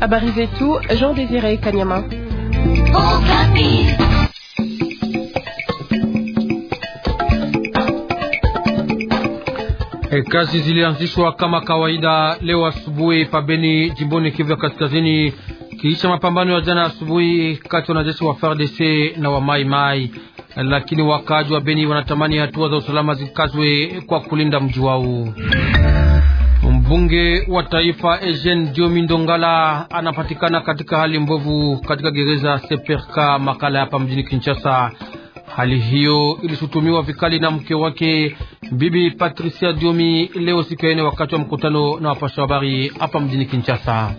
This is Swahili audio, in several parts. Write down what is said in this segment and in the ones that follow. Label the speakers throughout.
Speaker 1: Habari zetu Jean Désiré Kanyama. E, kazi zilianzishwa kama kawaida leo asubuhi pabeni jimboni Kivu ya Kaskazini kiisha mapambano ya jana asubuhi kati ya wanajeshi wa FARDC na wa Mai Mai, lakini wakaaji wa Beni wanatamani hatua za usalama zikazwe kwa kulinda mji wao. Mbunge wa taifa Eugene Diomi Ndongala anapatikana katika hali mbovu katika gereza Seperka Makala hapa mjini Kinshasa. Hali hiyo ilishutumiwa vikali na mke wake Bibi Patricia Diomi leo siku ya ine wakati wa mkutano na wapasha habari hapa mjini Kinshasa.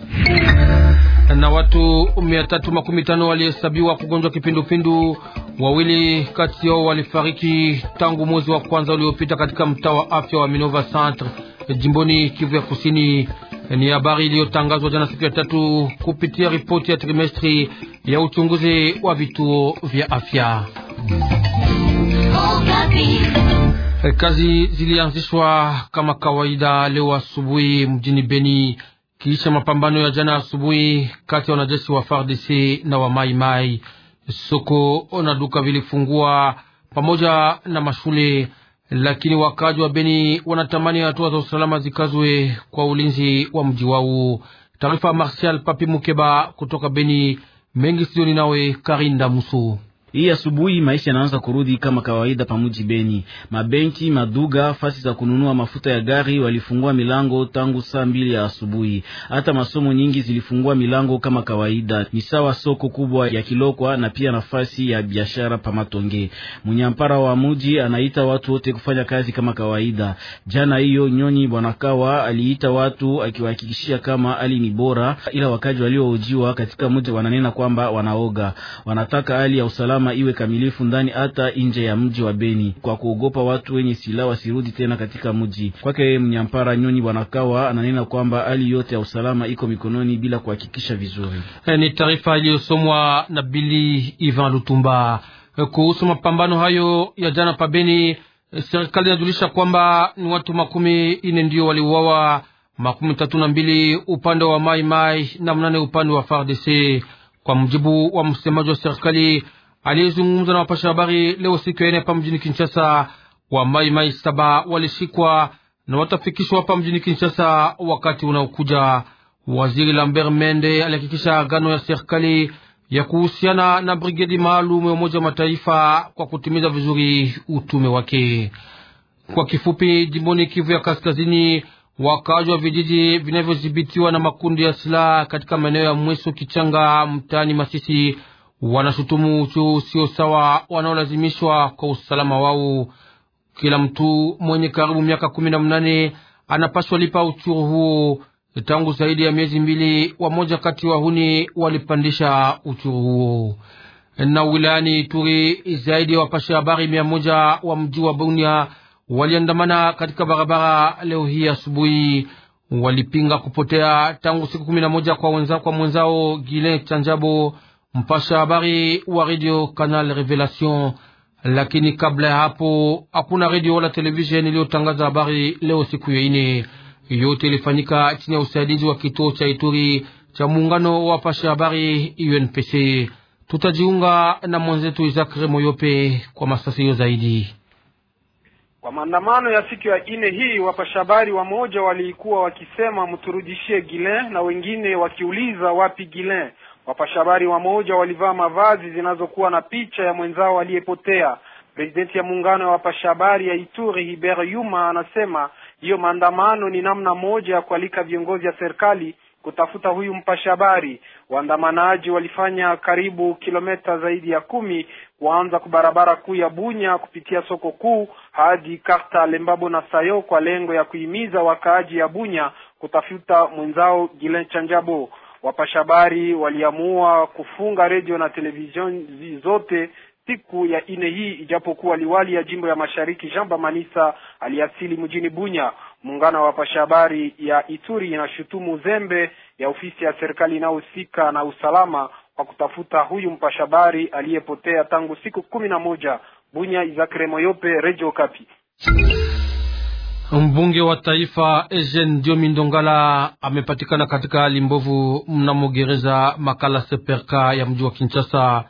Speaker 1: Na watu mia tatu makumi tano walihesabiwa kugonjwa kipindupindu, wawili kati yao walifariki tangu mwezi wa kwanza uliopita katika mtaa wa afya wa Minova Centre jimboni Kivu ya Kusini. Ni habari iliyotangazwa jana siku ya tatu kupitia ripoti ya trimestri ya uchunguzi wa vituo vya afya. Kazi zilianzishwa kama kawaida leo asubuhi mjini Beni kisha mapambano ya jana asubuhi kati ya wanajeshi wa FARDC na wa Maimai. Soko na duka vilifungua pamoja na mashule lakini wakaji wa Beni wanatamani hatua za usalama zikazwe kwa ulinzi wa mji wao. Taarifa Martial Papi Mukeba kutoka Beni
Speaker 2: mengi studioni, nawe Karinda Muso. Hii asubuhi maisha yanaanza kurudi kama kawaida pamuji Beni. Mabenki, maduga, fasi za kununua mafuta ya gari walifungua milango tangu saa mbili ya asubuhi. Hata masomo nyingi zilifungua milango kama kawaida, ni sawa soko kubwa ya Kilokwa na pia nafasi ya biashara Pamatonge. Mnyampara wa muji anaita watu wote kufanya kazi kama kawaida. Jana hiyo Nyonyi Bwanakawa aliita watu akiwahakikishia kama hali ni bora, ila wakaji waliohojiwa katika muji wananena kwamba wanaoga, wanataka hali ya usalama usalama iwe kamilifu ndani hata nje ya mji wa Beni, kwa kuogopa watu wenye silaha wasirudi tena katika mji. Kwake mnyampara Nyonyi Bwanakawa ananena kwamba hali yote ya usalama iko mikononi bila kuhakikisha vizuri.
Speaker 1: Hey, ni taarifa iliyosomwa na Bili Ivan Lutumba e, kuhusu mapambano hayo ya jana pa Beni. E, serikali inajulisha kwamba ni watu makumi ine ndio waliuawa, makumi tatu na mbili upande wa Mai Mai na mnane upande wa FARDC, kwa mjibu wa msemaji wa serikali aliyezungumza na wapasha habari leo siku ya ine hapa mjini Kinshasa. Wa mai mai saba walishikwa na watafikishwa hapa mjini Kinshasa wakati unaokuja. Waziri Lambert Mende alihakikisha agano ya serikali ya kuhusiana na brigedi maalum ya Umoja wa Mataifa kwa kutimiza vizuri utume wake. Kwa kifupi, jimboni Kivu ya Kaskazini, wakaaji wa vijiji vinavyodhibitiwa na makundi ya silaha katika maeneo ya Mweso Kichanga mtaani Masisi wanashutumu uchu usio sawa wanaolazimishwa kwa usalama wao. Kila mtu mwenye karibu miaka kumi na mnane anapaswa lipa uchuru huo. Tangu zaidi ya miezi mbili, wamoja kati wahuni walipandisha uchuru huo. Na wilayani Ituri, zaidi ya wapasha habari mia moja wa mji wa Bunia waliandamana katika barabara leo hii asubuhi. Walipinga kupotea tangu siku kumi na moja kwa, kwa mwenzao Gilen Chanjabo mpasha habari wa radio Canal Revelation. Lakini kabla ya hapo hakuna redio wala televisheni iliyotangaza habari leo siku ya ine. Yote ilifanyika chini ya usaidizi wa kituo cha Ituri cha muungano wa pasha habari UNPC. Tutajiunga na mwenzetu Isaac Remoyope kwa masasio zaidi.
Speaker 3: Kwa maandamano ya siku ya ine hii, wapasha habari wamoja walikuwa wakisema mturudishie Gilen na wengine wakiuliza wapi Gilen. Wapashabari wamoja walivaa mavazi zinazokuwa na picha ya mwenzao aliyepotea. Presidenti ya muungano ya wapasha ya Ituri hiber Yuma anasema hiyo maandamano ni namna moja ya kualika viongozi ya serikali kutafuta huyu mpashabari. Waandamanaji walifanya karibu kilometa zaidi ya kumi kuanza kwa barabara kuu ya Bunya kupitia soko kuu hadi Karta Lembabo na Sayo kwa lengo ya kuhimiza wakaaji ya Bunya kutafuta mwenzao Gilen Chanjabo wapashabari waliamua kufunga redio na televisheni zote siku ya ine hii, ijapokuwa liwali ya jimbo ya mashariki Jamba Manisa aliasili mjini Bunya. Muungano wa wapashabari ya Ituri inashutumu uzembe ya ofisi ya serikali inayohusika na usalama kwa kutafuta huyu mpashabari aliyepotea tangu siku kumi na moja. Bunya, Izakre Moyope, redio Kapi.
Speaker 1: Mbunge wa taifa Eugene Diomi Ndongala amepatikana katika hali mbovu mnamo gereza Makala Seperka ya mji wa Kinshasa.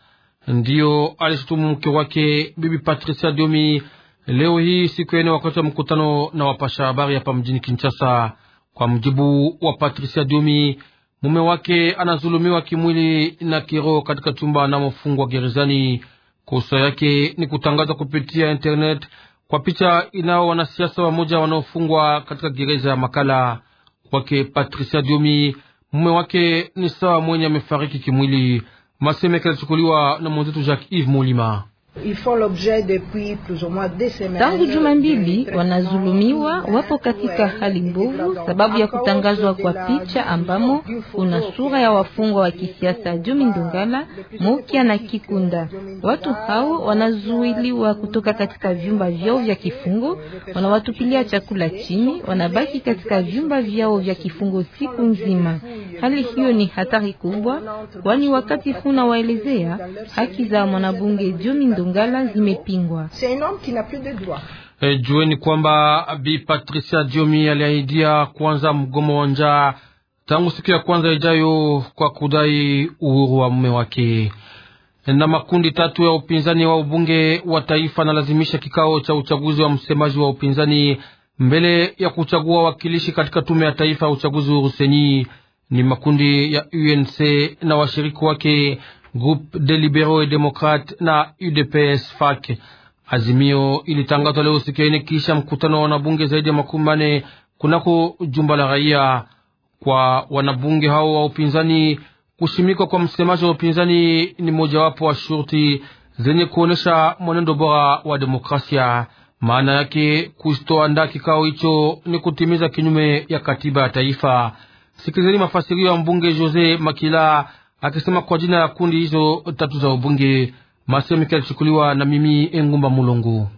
Speaker 1: Ndiyo alishutumu mke wake Bibi Patricia Diomi leo hii siku ya wakati wa mkutano na wapasha habari hapa mjini Kinshasa. Kwa mjibu wa Patricia Diomi, mume wake anazulumiwa kimwili na kiroho katika chumba anamofungwa gerezani. Kosa yake ni kutangaza kupitia internet kwa picha inao wanasiasa wamoja wanaofungwa katika gereza ya Makala. Kwake Patricia Diomi, mume wake ni sawa mwenye amefariki kimwili. Maseme yalichukuliwa na mwenzetu Jacques Yves Mulima
Speaker 4: tangu juma mbili wanazulumiwa, wapo katika hali mbovu sababu ya kutangazwa kwa picha ambamo kuna sura ya wafungwa wa kisiasa Jumi Ndongala, Mokia na Kikunda. Watu hao wanazuiliwa kutoka katika vyumba vyao vya kifungo, wanawatupilia chakula chini, wanabaki katika vyumba vyao vya kifungo siku nzima. Hali hiyo ni hatari kubwa, kwani wakati huu nawaelezea haki za mwanabunge Jumi Ndongala Lingala zimepingwa.
Speaker 1: E, jueni kwamba Bi Patricia Diomi aliahidia kuanza mgomo wa njaa tangu siku ya kwanza ijayo kwa kudai uhuru wa mume wake. Eh, na makundi tatu ya upinzani wa ubunge wa taifa analazimisha kikao cha uchaguzi wa msemaji wa upinzani mbele ya kuchagua wakilishi katika tume ya taifa ya uchaguzi huru. Seni ni makundi ya UNC na washiriki wake Groupe des libéraux et démocrates na UDPS FAC. Azimio ilitangazwa leo siku ya ine kisha mkutano wa wanabunge zaidi ya makumi kunako jumba la raia. Kwa wanabunge hao wa upinzani, kushimikwa kwa msemaji wa upinzani ni mojawapo wa shurti zenye kuonesha mwenendo bora wa demokrasia. Maana yake kustoandaa kikao hicho ni kutimiza kinyume ya katiba ya taifa. Sikilizeni mafasirio ya mbunge Jose Makila akisema kwa jina ya kundi hizo tatu za ubunge, masemi yake yalichukuliwa na mimi Engumba Mulungu.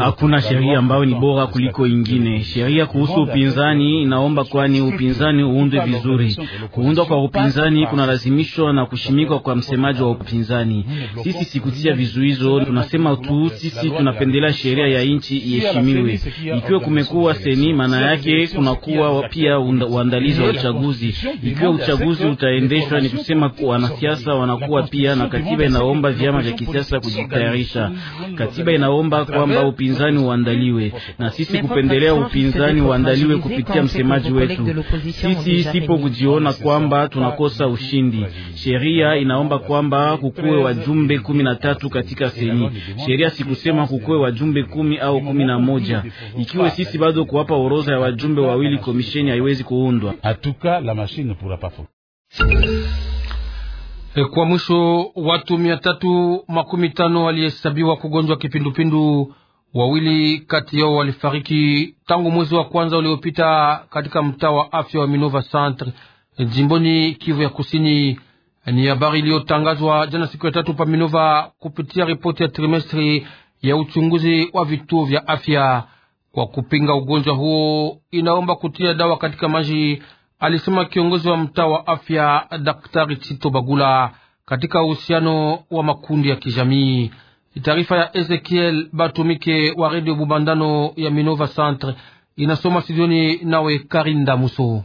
Speaker 2: Hakuna sheria ambayo ni bora kuliko ingine. Sheria kuhusu upinzani inaomba kwani upinzani uundwe vizuri. Kuundwa kwa upinzani kunalazimishwa na kushimikwa kwa msemaji wa upinzani. Sisi sikutia vizuizo, tunasema tu sisi tunapendelea sheria ya nchi iheshimiwe. Ikiwa kumekuwa seni, maana yake kunakuwa pia uandalizi wa uchaguzi. Ikiwa uchaguzi utaendeshwa, ni kusema wanasiasa wanakuwa pia na katiba inaomba vyama vya kisiasa kujitayarisha kabisa. Katiba inaomba kwamba upinzani uandaliwe, na sisi kupendelea upinzani uandaliwe kupitia msemaji wetu. Sisi sipo kujiona kwamba tunakosa ushindi. Sheria inaomba kwamba kukuwe wajumbe kumi na tatu katika seni. Sheria sikusema kukuwe wajumbe kumi au kumi na moja. Ikiwe sisi bado kuwapa orodha ya wajumbe wawili, komisheni haiwezi kuundwa.
Speaker 1: E, kwa mwisho watu mia tatu makumi tano walihesabiwa kugonjwa kipindupindu. Wawili kati yao walifariki tangu mwezi wa kwanza uliopita katika mtaa wa afya wa Minova Centre jimboni Kivu ya Kusini. Ni habari iliyotangazwa jana siku ya tatu pa Minova kupitia ripoti ya trimestri ya uchunguzi wa vituo vya afya kwa kupinga ugonjwa huo, inaomba kutia dawa katika maji alisema kiongozi wa mtaa wa afya Daktari Chito Bagula katika uhusiano wa makundi ya kijamii. Taarifa ya Ezekiel Batumike wa Redio Bubandano ya Minova Centre inasoma sidioni nawe Karinda Muso.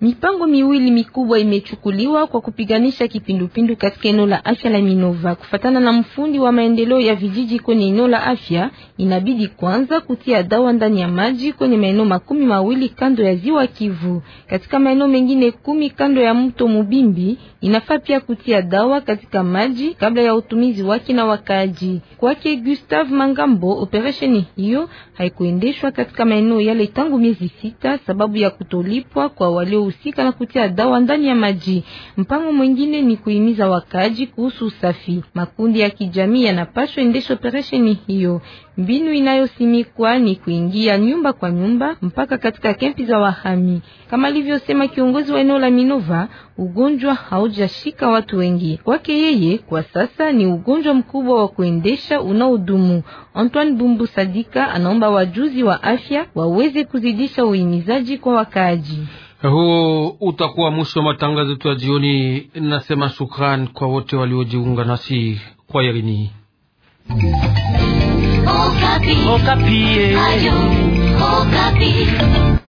Speaker 4: Mipango miwili mikubwa imechukuliwa kwa kupiganisha kipindupindu katika eneo la afya la Minova. Kufatana na mfundi wa maendeleo ya vijiji kwenye eneo la afya, inabidi kwanza kutia dawa ndani ya maji kwenye maeneo makumi mawili kando ya ziwa Kivu. Katika maeneo mengine kumi kando ya mto Mubimbi, inafaa pia kutia dawa katika maji kabla ya utumizi wake na wakaaji. Kwake Gustave Mangambo, operation hiyo haikuendeshwa katika maeneo yale tangu miezi sita sababu ya kutolipwa kwa wale linalohusika na kutia dawa ndani ya maji. Mpango mwingine ni kuhimiza wakaaji kuhusu usafi. Makundi ya kijamii yanapaswa endesha operesheni hiyo. Mbinu inayosimikwa ni kuingia nyumba kwa nyumba mpaka katika kempi za wahami. Kama alivyosema kiongozi wa eneo la Minova, ugonjwa haujashika watu wengi. Kwake yeye, kwa sasa ni ugonjwa mkubwa wa kuendesha unaodumu. Antoine Bumbu Sadika anaomba wajuzi wa afya waweze kuzidisha uhimizaji kwa wakaaji.
Speaker 1: Huo utakuwa mwisho wa matangazo yetu ya jioni. Nasema shukran kwa wote waliojiunga nasi kwa yerini.
Speaker 4: Okapi. Okapi. Okapi.